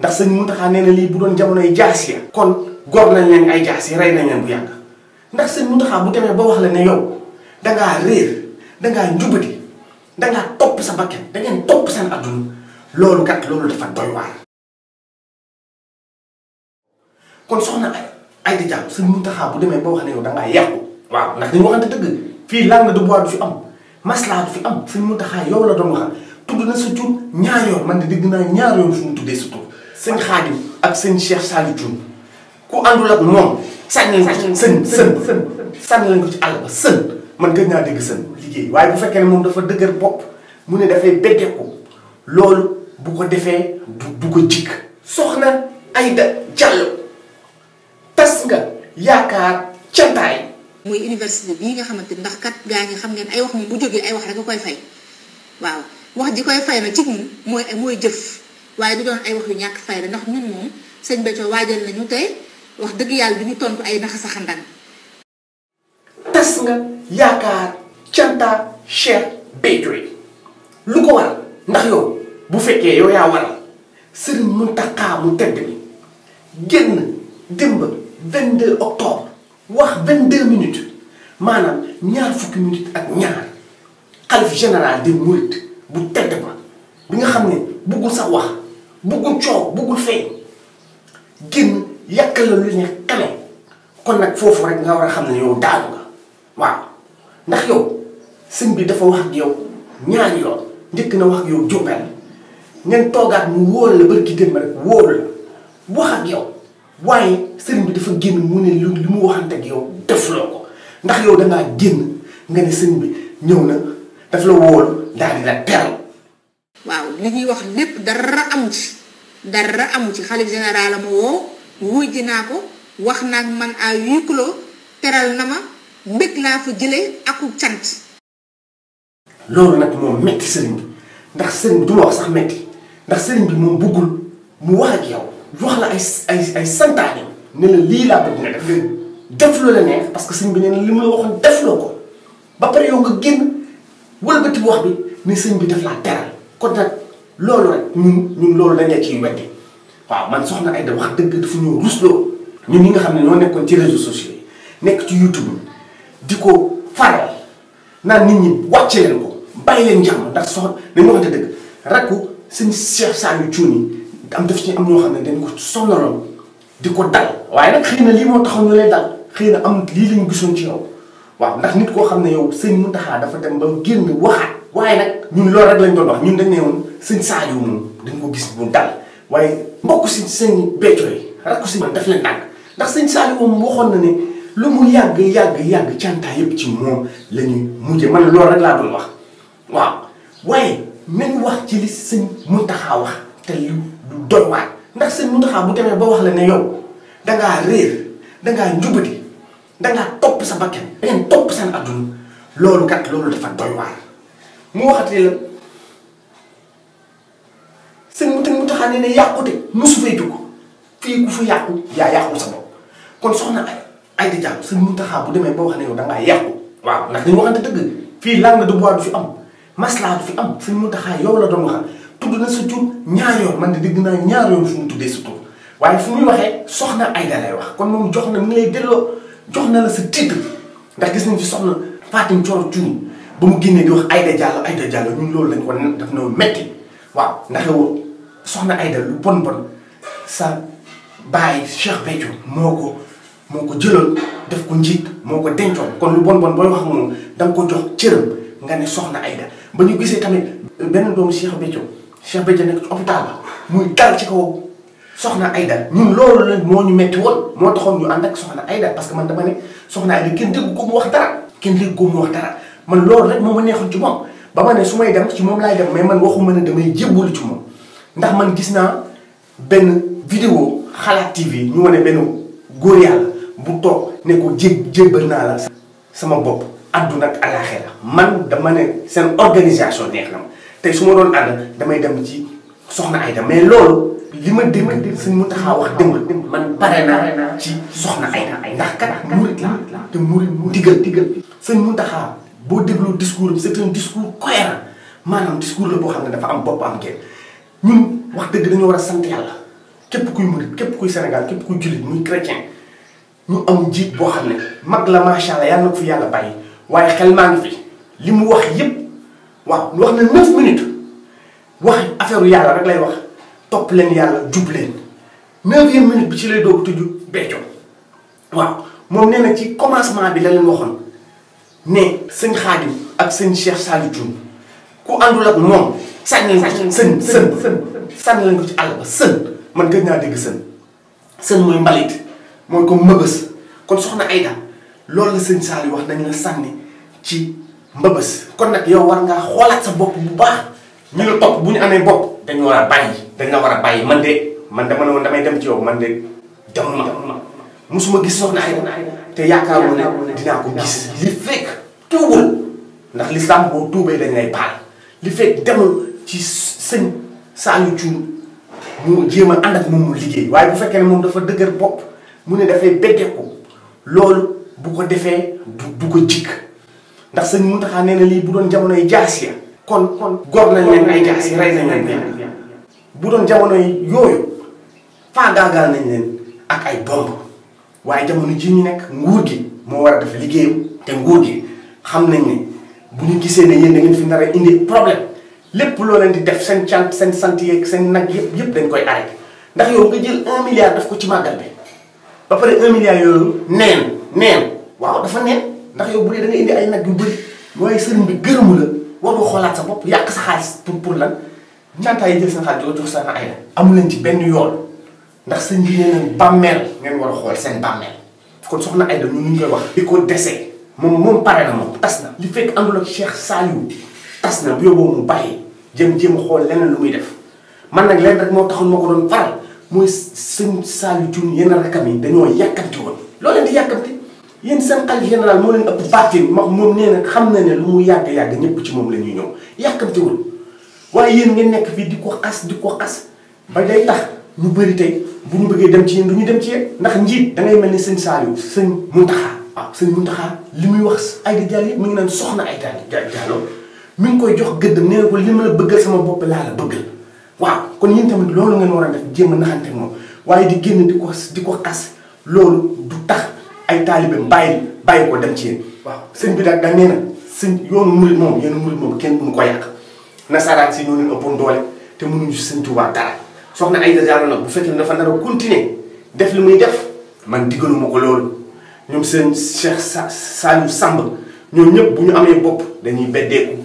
ndax seigne muntaha neena li bu doon jamonoy jaas ya kon gor nañ leen ay jaas ray nañ leen bu yàgg ndax seigne muntaha bu demee ba wax la ne yow da nga réer da nga njubati da nga top sa bakkan da ngeen top seen aduna loolu kat loolu dafa doy waar kon soxna ay ay di jàpp sëñ Muntaxa bu demee ba wax ne yow da nga yàqu waaw ndax ni waxante dëgg fii lan na du bois du fi am maslaa du fi am seigne muntaha yow la doon waxal tudd na sa tur ñaar yoon man de dégg naa ñaar yoon fu mu tuddee sa tur sëñ Xaadim ak seen Cheikh Saliou Thioune ku àndul ak moom sànni sànni sën sën sànni lañ ko ci àll ba sën man gën naa dégg sën liggéey waaye bu fekkee ne moom dafa dëgër bopp mu ne dafay beggee ko loolu bu ko defee du ko jikk soxna Aïda Diallo tas nga yaakaar cantaay muy université bii nga xamante ndax kat gaa ngi xam ngeen ay wax moom bu jógee ay wax rek koy fay waaw wax ji koy fay na ci moom mooy mooy jëf waaye du doon ay wax yu ñàkk fayda ndax ñun moom sëñ Béthio waajal nañu tey wax dëgg yàlla bi ñu tontu ay naxa saxandan tas nga yaakaar canta Cheikh Béthio yi lu ko waral ndax yow bu fekkee yow yaa waral Sëriñ Mountakha tedd bi génn démb 22 wax 22 minutes maanaam ñaar fukki minutes ak ñaar xalif général des mourides bu tedd ba bi nga xam ne bëggul sax wax buggul coow buggul feeñ génn yàq la lu ne xame kon nag foofu rek nga war a xam ne yow daal nga waaw ndax yow sëñ bi dafa wax ak yow ñaar yoon njëkk na wax ak yow jumbel ngeen toogaat mu wóor la bërki démb rek wóor la wax ak yow waaye sëriñ bi dafa génn mu ne lu li mu waxante ak yow def loo ko ndax yow dangaa génn nga ne sëriñ bi ñëw na daf la wóor daal di la teral waaw li ñuy wax lépp dara am ci dara amu ci xalif général ma woo wuy naa ko wax naag man à huis clos teral na ma mbég laa fa jëlee aku cant loolu nag moom metti sëriñ bi ndax sëriñ bi du moom bëggul mu wax ak yow wax la ay ay ay santaane ne la lii laa bëgg nga def def la neex parce que sëriñ bi nee li mu la waxoon def loo ko ba pare yow nga génn wëlbati wax bi ne sëriñ bi daf laa teral kon loolu rek ñun loolu la nekk ciy weddi waaw man soxna Aida wax dëgg dafa ñëw rusloo ñun ñi nga xam ne ñoo nekkoon ci réseaux nekk ci YouTube bi ko faral naan nit ñi wàcce leen ko bàyyi leen jàmm ndax soxna dañu waxante dëgg rakku sëñ Cheikh Saliou Thioune am daf ci am ñoo xam ne dañ ko sonaloon di ko dal waaye nag xëy na lii moo taxaw ñu lay dal xëy na am lii lañu gisoon ci yow waaw ndax nit koo xam ne yow sëñ Mountakha dafa dem ba génn waxaat waaye nag ñun loo rek lañ doon wax ñun dañ ne woon sëñ Sadio moom dañ ko gis bu dal waaye mbokk si sëñ Béthio yi rakku si man daf leen dànk ndax sëñ Sadio moom waxoon na ne lu mu yàgg yàgg yàgg cantaa yëpp ci moom la ñuy mujjee man loolu rek laa doon wax waaw waaye nañ wax ci li sëñ Mountakha wax te lu doy waar ndax sëñ Mountakha bu demee ba wax la ne yow dangaa réer dangaa njubati dangaa topp sa bakkan dangeen topp seen adduna loolu kat loolu dafa doy waar mu waxatee la sëñ mu tënk mu taxaa nee ne yàqute mosu fay dugg fii ku fa yàqu yaa yàqu sa bopp kon soxna ay ay di mu taxaa bu demee ba wax ne yow da ngaa yàqu waaw ndax dañu waxante dëgg fii langue de bois du fi am maslaa fi am sëñ mu taxaa yow la doon waxal na sa tur ñaar yoon man de dégg naa ñaar yoon fu mu tuddee sa tur waaye soxna ay da wax kon moom jox na mi ngi jox na la sa titre ndax gis nañ fi soxna Fatim Coor Cuun ba mu génnee di wax Aïda Diallo Aïda Diallo ñun loolu lañ ko def na metti waaw ndax soxna Aïda lu bon bon sa bàyyi Cheikh Béthio moo ko moo ko jëloon def ko njiit moo ko dencoon kon lu bon bon booy wax moom da ko soxna Aïda ba ñu gisee tamit benn doomu Cheikh Béthio Cheikh Béthio nekk ci hôpital ba muy dal ci kaw soxna ñun loolu la moo ñu metti woon moo taxoon ñu ànd ak soxna Aïda parce que man dama ne soxna Aïda kenn dégg ko wax dara kenn dégg ko wax dara man loolu rek moo ma neexul ci moom ba ma ne su may dem ci moom laay dem mais man waxuma ne damay jébbalu ci moom ndax man gis naa benn vidéo xalaat TV ñu wane benn góor yàlla bu toog ne ko jé jébbal naa la sama bopp àdduna ak alaaxira man dama ne seen organisation neex na ma tey su ma doon ànd damay dem ci soxna ay Aida mais loolu li ma dégg sëñ Mountakha wax démb man pare naa ci soxna Aida ndax kat murit la te murit digal digal boo déglu discours am c'est un discours cohérent maanaam discours la boo xam ne dafa am bopp am kenn ñun wax dëgg dañoo war a sant yàlla képp kuy murit képp kuy Sénégal képp kuy jullit muy chrétien ñu am njiit boo xam ne mag la macha allah yàlla na ko fi yàlla bàyyi waaye xel maa ngi fi li mu wax yëpp waaw wax na neuf minutes wax affaire yàlla rek lay wax topp leen yàlla jub leen neuvième minute bi ci lay doog tëju becco waaw moom nee na ci commencement bi la leen ne sëñ Xaadim ak sëñ Cheikh Saliou Thioune ku àndul ak moom sànni lañ sën sën sànni lañ ko ci àll ba sën man gën naa dégg sën sën mooy mbalit mooy comme mbëbës kon soxna Aida loolu la sëñ Saliou wax nañ la sànni ci mbëbës kon nag yow war ngaa xoolaat sa bopp bu baax ñu la topp bu ñu amee bopp dañu war a bàyyi dañ la war a bàyyi man de man dama ne woon damay dem ci yow man de dem musuma gis soxna ay te yaakaaroo ne dinaa ko gis li fekk tuubul ndax lislaam boo tuubee dañ lay baal li fekk demul ci sëñ Saliou Thioune mu jéem a ànd ak moom mu liggéey waaye bu fekkee ne moom dafa dëgër bopp mu ne dafay beddeeku loolu bu ko defee du ko jikk ndax sëñ Mountakha nee na lii bu doon jamonoy jaas ya kon kon gor nañ leen ay jaas yi rey nañ leen leen bu doon jamonoy yooyu faagaagal nañ leen ak ay bomb waaye jamono jii ñu nekk nguur gi moo war a def liggéeyam te nguur gi xam nañ ni bu ñu gisee ne yéen da ngeen fi nar indi problème lépp loo leen di def seen cant seen sant yeeg seen nag yëpp yëpp dañ koy arrêté ndax yow nga jël un milliard daf ko ci màggal bi ba pare un milliard yooyu neen neen waaw dafa neen ndax yow bu dee da indi ay nag yu bëri waaye sëriñ bi gërëmu la war nga xoolaat sa bopp yàq sa xaalis pour pour lan ñaata yi jël seen xaalis yoo jox sa na ay la amu leen ci benn yoon ndax sëñ bi nee nañ bàmmeel ngeen war a xool seen bàmmeel kon soxna Aida ñun ñu koy wax li ko dese moom moom pare na moom tas na li fekk àndul ak Cheikh Saliou tas na bu yóbboo mu bàyyi jëm jéem xool leneen lu muy def man nag leen rek moo taxoon ma ko doon faral mooy sëñ Saliou Thioune yenn rakam yi dañoo yàkkamti woon loo leen di yàkkamti yéen seen xalif général moo leen ëpp bàttin max moom nee na xam na ne lu mu yàgg-yàgg ñëpp ci moom la ñuy ñëw yàkkamtiwul waaye yéen ngeen nekk fii di ko xas di ko xas ba day tax ñu bëri tey bu ñu bëggee dem ci yéen du ñu dem ci ndax njiit da mel ni sëñ Saliou sëñ Mountakha ah sëñ Mountakha li muy wax Aïda Diallo yëpp mi ngi naan soxna Aïda Diallo mi ngi koy jox gëddam nee na ko li ma la bëggal sama bopp laa la bëggal waaw kon yéen tamit loolu ngeen war a def jéem a moom waaye di génn di ko di ko xas loolu du tax ay taalibe bàyyi bàyyi ko dem ci yéen waaw sëñ bi daal da nee yoonu murit moom yoonu murit moom kenn mënu ko yàq nasaraan si ñoo leen ëppoon te mënuñu sëñ soxna Aïda Diallo nag bu fekkee ne dafa nar a def li muy def man digaluma ko loolu ñoom seen Cheikh Sa Saliou Samb ñoom ñëpp bu ñu amee bopp dañuy beddeeku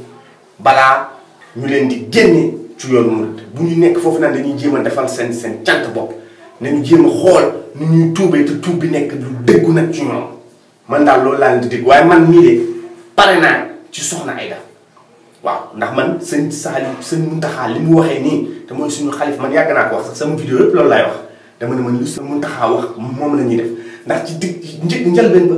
balaa ñu leen di génne ci yoonu bu ñu nekk foofu naan dañuy jéem a defal seen seen cant bopp nañu jéem xool nu ñuy tuubee te tuub bi nekk lu dëggu nag ci ñoom man daal loolu laa leen di dégg waaye man mii de pare naa ci soxna Aïda waaw ndax man sëñ Salim sëñ Muntaxa li mu waxee nii te mooy suñu xalif man yàgg naa ko wax sax sama vidéo yëpp loolu laay wax dama ne man lu sëñ Muntaxa wax moom la ñuy def ndax ci dig njëlbeen ba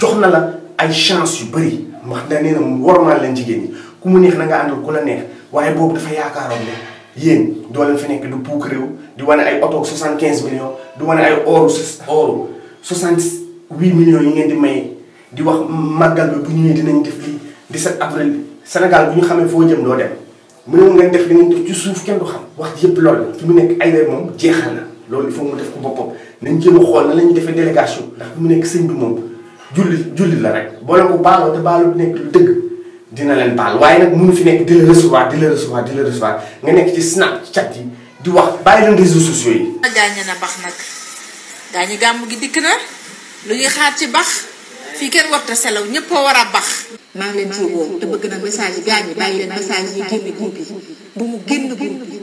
jox na la ay chance yu bëri wax da nee na warmaal leen jigéen ñi ku mu neex na nga àndal ku la neex waaye boobu dafa yaakaaroon ne yéen doo leen fi nekk du puuk réew di wane ay oto 75 millions di wane ay oru oru 68 millions yi ngeen di maye di wax màggal bi bu ñëwee dinañ def lii 17 avril Sénégal bu ñu xamee foo jëm doo dem mu ne ngeen def li ngeen def ci suuf kenn du xam wax ji yëpp loolu la fi mu nekk ay moom jeexal na loolu il faut mu def ko boppam nañ jéem a xool na la ñu defee délégation ndax mu nekk sëñ bi moom julli julli la rek boo leen baaloo te baaloo nekk lu dëgg dina leen baal waaye nag mënu fi nekk di la recevoir di la recevoir di la recevoir nga nekk ci snap ci chat yi di wax bàyyi leen réseaux sociaux yi. gaañ na bax nag gaañu gàmm gi dikk na lu ñuy ci bax. fii kenn warta selaw ñëpp a war a bax maa ngi leen ci woo te bëgg na message gaañ yi bàyyi leen message yi génn groupe yi bu mu génn groupe yi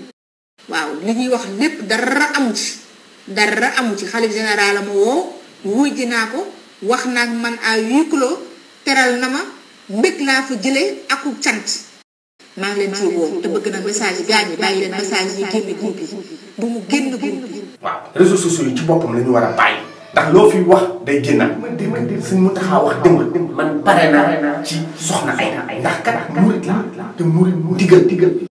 waaw li ñuy wax lépp dara amu ci dara amu ci xalif général ma woo wuy naa ko wax naag man à na ma mbég laa fa jëlee aku cant maa ngi leen ci woo te bëgg na message gaañ yi bàyyi leen message yi génn groupe yi bu mu génn groupe sociaux yi ci boppam la war a bàyyi ndax loo fi wax day génnaat. man de man de suñ mu taxaa wax dëgg man pare naa ci soxna ay ndax kat murit la te murit mu digal digal